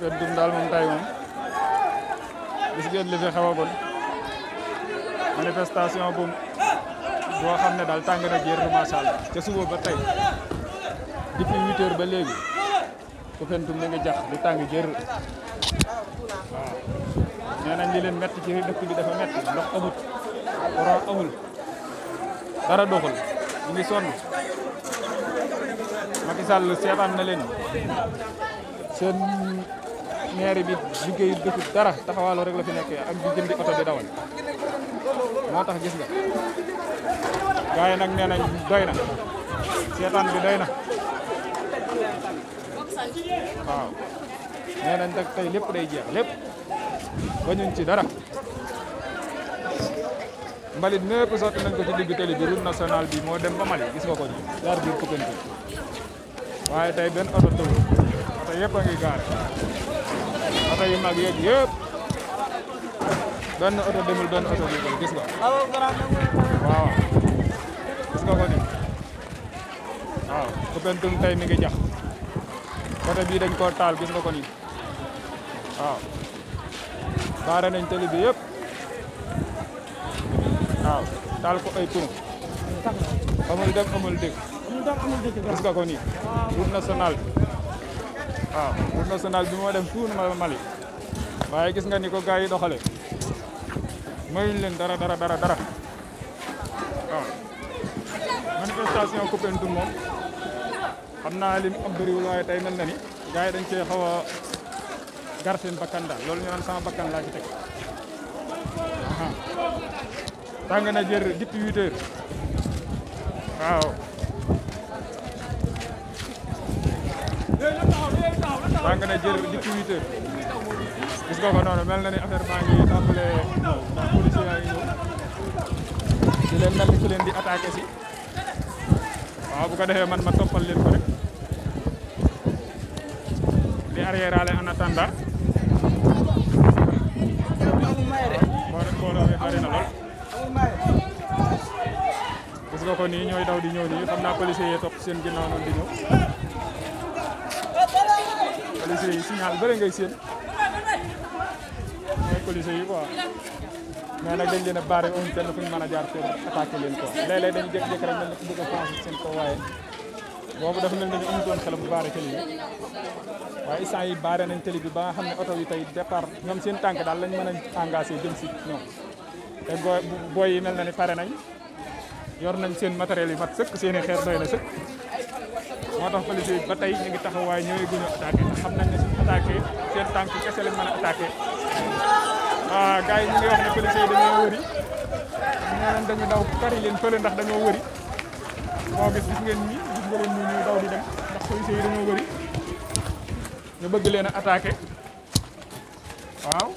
kër Ndour daal moom tey moom gis ngeen li fi xewagoon manifestation bu boo xam ne daal tàng na jër macha allah ca suba ba tey depuis huit heures ba léegi ku fentum mi ngi jax di tàng jër waaw nee leen metti ci dëkk bi dafa metti ndox amut courant amul dara doxul ñu sonn Macky Sall na leen seen maire bi liggéeyu dëkku dara taxawaalu rek fi nekkee ak di jëndi oto di dawal moo tax gis nga gars nag nee nañ na seetaan bi doy na waaw nee nañ nag tey lépp day jeex lépp bañuñ ci dara mbalit mépp sotti nañ ko ci digg tali bi bi moo dem ba Mali gis nga ko ñu jaar biir Koumpentoum waaye tey benn oto tawul oto yëpp a oto yu mag yeeg yëpp benn oto demul benn oto demul gis nga waaw gis nga ko ni waaw Koupentoum tey mi ngi jax côté bii dañ koo taal gis nga ko ni waaw nañ tali bi yëpp waaw taal ko ay pneu amul dem amul dégg gis nga ko ni route nationale bi waaw route nationale bi moo dem tuun ma Mali waaye gis nga ni ko gars yi doxale mayuñ leen dara dara dara dara waaw manifestation Koupentoum moom xam naa li mu am bëriwul waaye tey na ni gars dañ cee xaw gar seen bakkan daal loolu ñu naan sama bakkan laa ci teg tàng na jër depuis huit waaw maa ngi ne jël dikk huit heures gis nga ko noonu mel na ni affaire baa ngi tàmbalee policier yaa ngi ñëw di leen mel ni di attaqué si waaw bu ko defee man ma toppal leen ko rek di arrière ale en attendant na lool gis nga ko nii ñooy daw di ñëw nii xam naa policier yi topp seen ginnaaw noonu di ñëw colisée yi signal bëre ngay seen mooy colisée yi quoi mais nag dañ leen a barré woon kenn fu ñu mën a jaar fii leen ko léeg-léeg dañu jékki-jékki rek mel ni ku bëgg a franchir seen kaw waaye boobu dafa mel ni amu doon xel bu barré tëli bi waaye yi barré nañ tëli bi ba xam ne oto yi tey départ ñoom seen tànk daal lañ mën a engagé jëm si ñoom te booy yi mel na ni pare nañ yor nañ seen matériel yi mat sëkk seen i xeer doy na sëkk moo tax police yi ba tey ñu ngi taxaw waaye ñooy guñu attaqué te xam nañ ne suñu attaqué seen tànk kese lañ mën a attaqué ah, gars yi ñu ngi wax ne dañoo wëri fële ndax dañoo wëri moo gis daw di dem ndax police yi dañoo wëri ñu bëgg leen a waaw